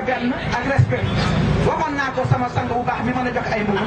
nekk benn ak respect waxoon naa ko sama sang bu baax mi mën a jox ay mbubu.